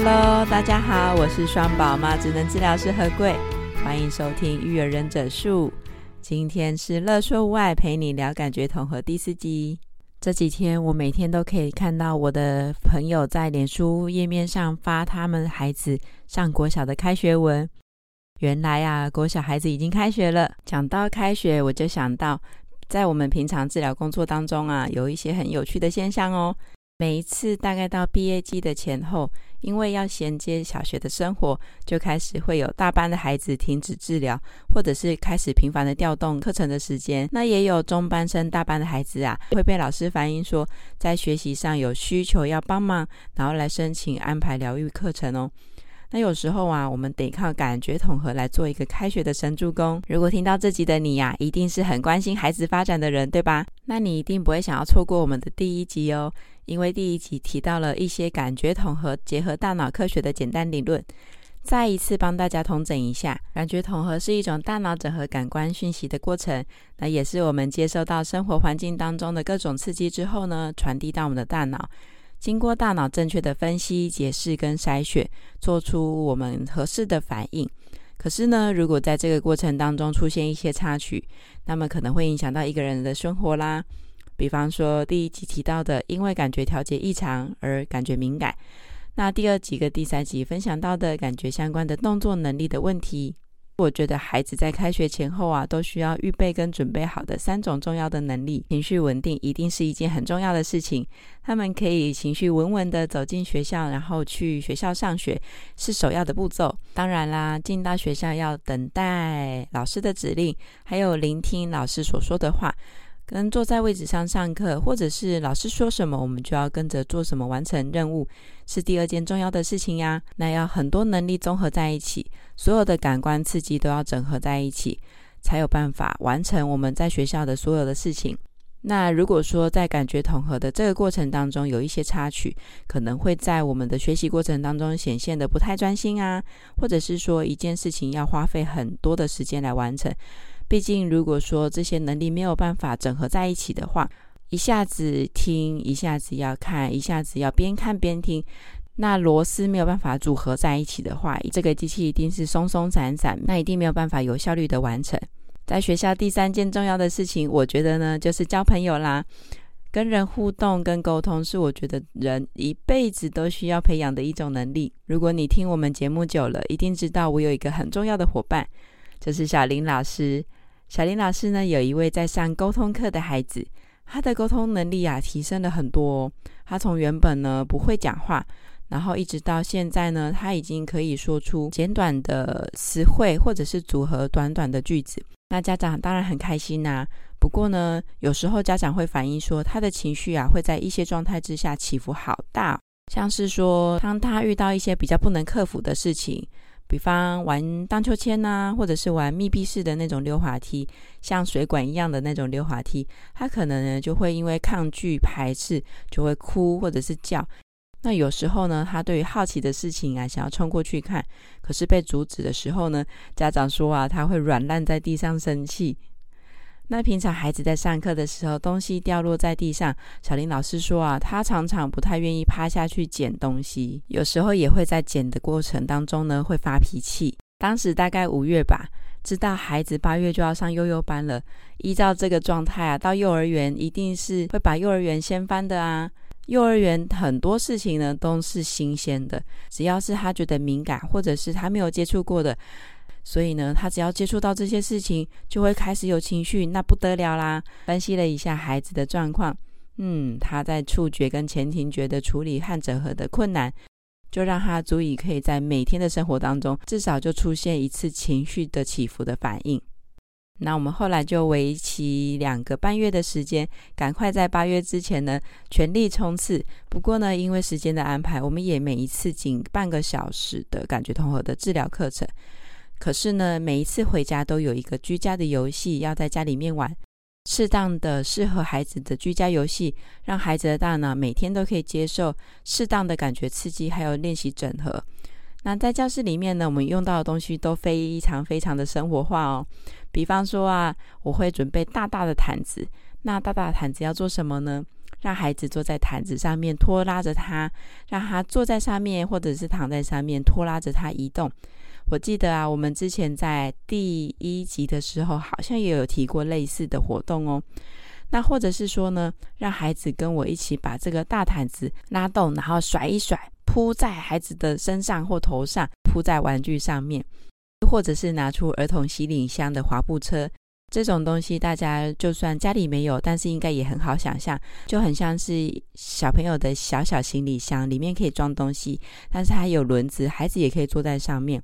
Hello，大家好，我是雙寶媽職能治療師郃貴，歡迎收聽育兒忍者術，今天是樂說無礙陪你聊感覺統合第四集。這幾天我每天都可以看到我的朋友在臉書頁面上發他們孩子上國小的開學文。原來啊，國小孩子已經開學了。講到開學，我就想到在我們平常治療工作當中啊，有一些很有趣的現象哦。每一次大概到畢業季的前後，因為要銜接小學的生活，就開始會有大班的孩子停止治療，或者是開始頻繁的調動課程的時間。那也有中班升大班的孩子啊，會被老師反映說在學習上有需求要幫忙，然後來申請安排療癒課程哦。那有時候啊，我們得靠感覺統合來做一個開學的神助攻。如果聽到這集的你呀、啊，一定是很關心孩子發展的人，對吧？那你一定不會想要錯過我們的第一集哦，因為第一集提到了一些感覺統合結合大腦科學的簡單理論，再一次幫大家統整一下。感覺統合是一種大腦整合感官訊息的過程，那也是我們接受到生活環境當中的各種刺激之後呢，傳遞到我們的大腦。經過大腦正確的分析、解釋跟篩選，做出我們合適的反應。可是呢，如果在這個過程當中出現一些插曲，那麼可能會影響到一個人的生活啦。比方說，第一集提到的，因為感覺調節異常而感覺敏感；那第二集跟第三集分享到的感覺相關的動作能力的問題。我覺得孩子在開學前後啊，都需要預備跟準備好的三種重要的能力，情緒穩定一定是一件很重要的事情。他們可以情緒穩穩的走進學校，然後去學校上學，是首要的步驟。當然啦，進到學校要等待老師的指令，還有聆聽老師所說的話。跟坐在位置上上課，或者是老師說什麼，我們就要跟着做什麼，完成任務，是第二件重要的事情呀。那要很多能力綜合在一起，所有的感官刺激都要整合在一起，才有辦法完成我們在學校的所有的事情。那如果說在感覺統合的這個過程當中有一些插曲，可能會在我們的學習過程當中顯現得不太專心啊，或者是說一件事情要花費很多的時間來完成。畢竟，如果說這些能力沒有辦法整合在一起的話，一下子聽，一下子要看，一下子要邊看邊聽，那螺絲沒有辦法組合在一起的話，這個機器一定是鬆鬆散散，那一定沒有辦法有效率的完成。在學校第三件重要的事情，我覺得呢，就是交朋友啦，跟人互動跟溝通是我覺得人一輩子都需要培養的一種能力。如果你聽我們節目久了，一定知道我有一個很重要的夥伴，就是小林老師。小林老師呢，有一位在上溝通課的孩子，他的溝通能力啊提升了很多哦。他從原本呢不會講話，然後一直到現在呢，他已經可以說出簡短的詞彙，或者是組合短短的句子。那家長當然很開心吶啊。不過呢，有時候家長會反映說，他的情緒啊會在一些狀態之下起伏好大哦，像是說當他遇到一些比較不能克服的事情。比方玩盪秋千吶、啊，或者是玩密閉式的那種溜滑梯，像水管一樣的那種溜滑梯，他可能呢就會因為抗拒排斥，就會哭或者是叫。那有時候呢，他對於好奇的事情啊，想要衝過去看，可是被阻止的時候呢，家長說啊，他會軟爛在地上生氣。那平常孩子在上課的時候，東西掉落在地上，小林老師說啊，他常常不太願意趴下去撿東西，有時候也會在撿的過程當中呢，會發脾氣。當時大概五月吧，知道孩子八月就要上幼幼班了，依照這個狀態啊，到幼兒園一定是會把幼兒園掀翻的啊。幼兒園很多事情呢，都是新鮮的，只要是他覺得敏感，或者是他沒有接觸過的。所以呢，他只要接觸到這些事情，就會開始有情緒，那不得了啦！分析了一下孩子的狀況，嗯，他在觸覺跟前庭覺的處理和整合的困難，就讓他足以可以在每天的生活當中，至少就出現一次情緒的起伏的反應。那我們後來就為期兩個半月的時間，趕快在八月之前呢，全力衝刺。不過呢，因為時間的安排，我們也每一次僅半個小時的感覺統合的治療課程。可是呢，每一次回家都有一個居家的遊戲要在家裡面玩，適當的適合孩子的居家遊戲，讓孩子的大腦每天都可以接受適當的感覺刺激，還有練習整合。那在教室裡面呢，我們用到的東西都非常非常的生活化哦。比方說啊，我會準備大大的毯子，那大大的毯子要做什麼呢？讓孩子坐在毯子上面拖拉着他；讓他坐在上面或者是躺在上面拖拉着他移動。我記得啊，我們之前在第一集的時候，好像也有提過類似的活動哦。那或者是說呢，讓孩子跟我一起把這個大毯子拉動，然後甩一甩，鋪在孩子的身上或頭上，鋪在玩具上面，或者是拿出兒童行李箱的滑步車。這種東西大家就算家裡沒有，但是應該也很好想象，就很像是小朋友的小小行李箱，裡面可以裝東西，但是它有輪子，孩子也可以坐在上面。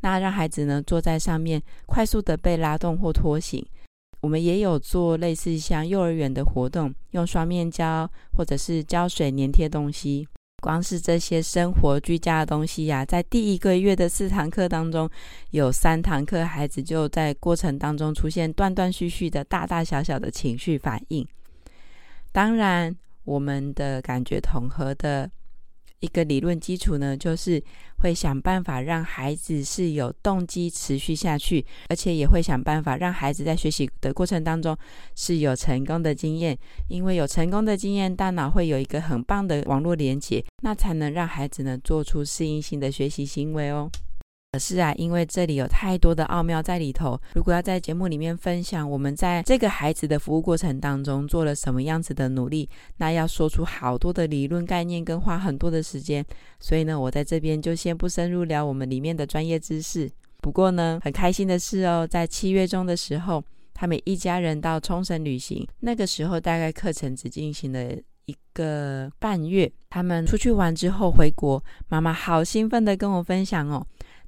那讓孩子呢坐在上面，快速的被拉動或拖行。我們也有做類似像幼兒園的活動，用雙面膠或者是膠水粘貼東西。光是這些生活居家的東西呀、啊，在第一個月的四堂課當中，有三堂課孩子就在過程當中出現斷斷續續的大大小小的情緒反應。當然，我們的感覺統合的。一個理論基礎呢，就是會想辦法讓孩子是有動機持續下去，而且也會想辦法讓孩子在學習的過程當中是有成功的經驗，因為有成功的經驗，大腦會有一個很棒的網絡連接，那才能讓孩子呢做出適應性的學習行為哦。可是啊，因為這裡有太多的奧妙在裡頭，如果要在節目裡面分享我們在這個孩子的服務過程當中做了什麼樣子的努力，那要說出好多的理論概念，跟花很多的時間。所以呢，我在這邊就先不深入聊我們裡面的專業知識。不過呢，很開心的是哦，在七月中的時候，他們一家人到沖繩旅行。那個時候大概課程只進行了一個半月。他們出去玩之後回國，媽媽好興奮的跟我分享哦。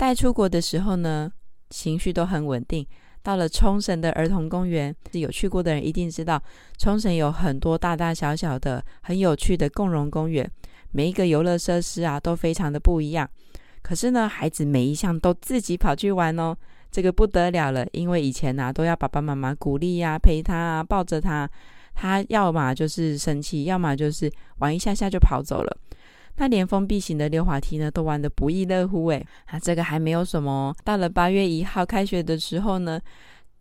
帶出國的時候呢，情緒都很穩定。到了沖繩的兒童公園，有去過的人一定知道，沖繩有很多大大小小的很有趣的共融公園，每一個遊樂設施啊都非常的不一樣。可是呢，孩子每一項都自己跑去玩哦，這個不得了了，因為以前啊都要爸爸媽媽鼓勵呀、啊，陪他啊，抱着他，他要麼就是生氣，要麼就是玩一下下就跑走了。他連封閉型的溜滑梯呢都玩得不亦樂乎哎，那、啊、這個還沒有什麼、哦。到了八月一號開學的時候呢，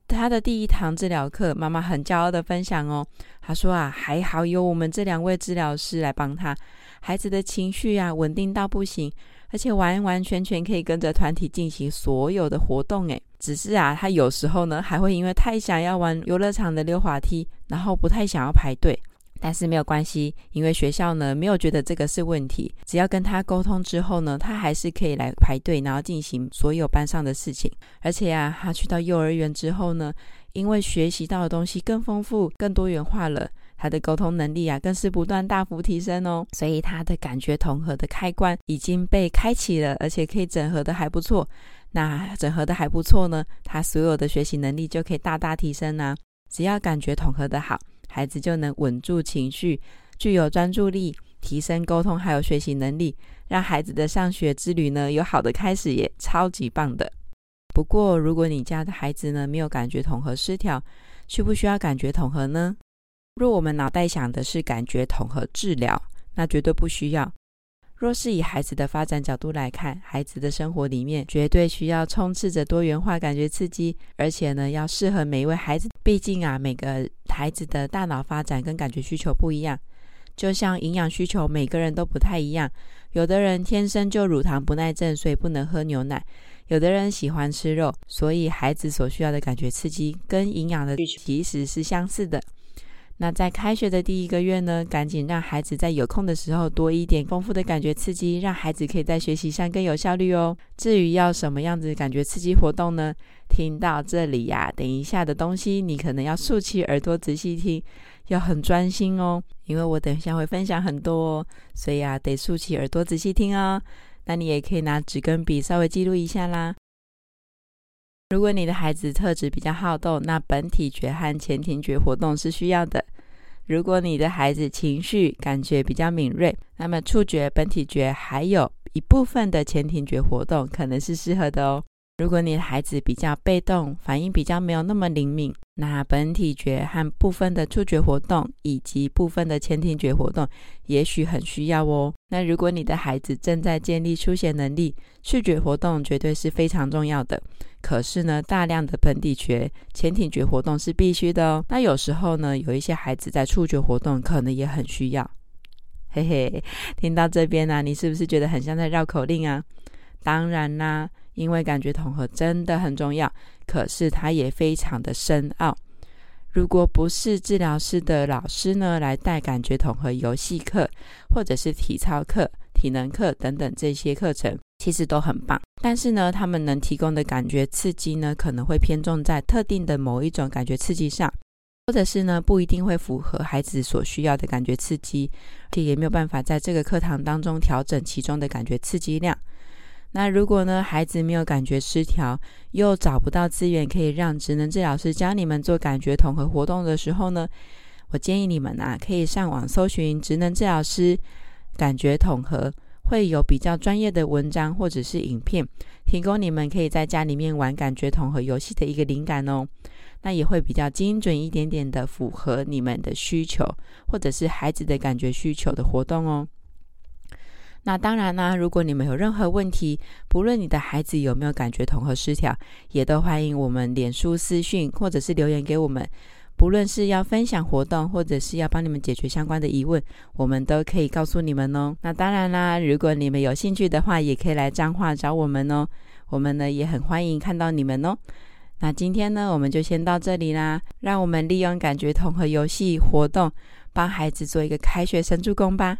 他的第一堂治療課，媽媽很驕傲的分享哦，他說啊還好有我們這兩位治療師來幫他，孩子的情緒呀、啊、穩定到不行，而且完完全全可以跟着團體進行所有的活動哎，只是啊他有時候呢還會因為太想要玩遊樂場的溜滑梯，然後不太想要排隊。但是沒有關係，因為學校呢沒有覺得這個是問題。只要跟他溝通之後呢，他還是可以來排隊，然後進行所有班上的事情。而且啊，他去到幼兒園之後呢，因為學習到的東西更豐富、更多元化了，他的溝通能力啊更是不斷大幅提升哦。所以他的感覺統合的開關已經被開啟了，而且可以整合的還不錯。那整合的還不錯呢，他所有的學習能力就可以大大提升啦、啊。只要感覺統合的好。孩子就能穩住情緒，具有專注力，提升溝通，還有學習能力，讓孩子的上學之旅呢有好的開始，也超級棒的。不過，如果你家的孩子呢沒有感覺統合失調，需不需要感覺統合呢？若我們腦袋想的是感覺統合治療，那絕對不需要。若是以孩子的發展角度來看，孩子的生活裡面絕對需要充斥着多元化感覺刺激，而且呢，要適合每一位孩子。畢竟啊，每個孩子的大腦發展跟感覺需求不一樣，就像營養需求，每個人都不太一樣。有的人天生就乳糖不耐症，所以不能喝牛奶；有的人喜歡吃肉，所以孩子所需要的感覺刺激跟營養的其實是相似的。那在開學的第一個月呢，趕緊讓孩子在有空的時候多一點豐富的感覺刺激，讓孩子可以在學習上更有效率哦。至於要什麼樣子感覺刺激活動呢？聽到這裡呀、啊，等一下的東西你可能要豎起耳朵仔細聽，要很專心哦，因為我等一下會分享很多哦，所以啊得豎起耳朵仔細聽哦。那你也可以拿紙跟筆稍微記錄一下啦。如果你的孩子特質比較好動，那本體覺和前庭覺活動是需要的。如果你的孩子情緒感覺比較敏銳，那麼觸覺、本體覺還有一部分的前庭覺活動可能是適合的哦。如果你的孩子比較被動，反應比較沒有那麼靈敏，那本體覺和部分的觸覺活動以及部分的前庭覺活動也許很需要哦。那如果你的孩子正在建立書寫能力，觸覺活動絕對是非常重要的。可是呢，大量的本體覺、前庭覺活動是必須的哦。那有時候呢，有一些孩子在觸覺活動可能也很需要。嘿嘿，聽到這邊啊，你是不是覺得很像在繞口令啊？當然啦。因為感覺統合真的很重要，可是它也非常的深奧。如果不是治療師的老師呢，來帶感覺統合遊戲課，或者是體操課、體能課等等這些課程，其實都很棒。但是呢，他們能提供的感覺刺激呢，可能會偏重在特定的某一種感覺刺激上，或者是呢，不一定會符合孩子所需要的感覺刺激，這也沒有辦法在這個課堂當中調整其中的感覺刺激量。那如果呢，孩子沒有感覺失調，又找不到資源可以讓職能治療師教你們做感覺統合活動的時候呢，我建議你們啊，可以上網搜尋職能治療師感覺統合，會有比較專業的文章或者是影片，提供你們可以在家裡面玩感覺統合遊戲的一個靈感哦。那也會比較精準一點點的符合你們的需求，或者是孩子的感覺需求的活動哦。那當然啦、啊，如果你們有任何問題，不論你的孩子有沒有感覺統合失調，也都歡迎我們臉書私訊或者是留言給我們。不論是要分享活動，或者是要幫你們解決相關的疑問，我們都可以告訴你們哦。那當然啦、啊，如果你們有興趣的話，也可以來彰化找我們哦。我們呢也很歡迎看到你們哦。那今天呢，我們就先到這裡啦。讓我們利用感覺統合遊戲活動，幫孩子做一個開學神助攻吧。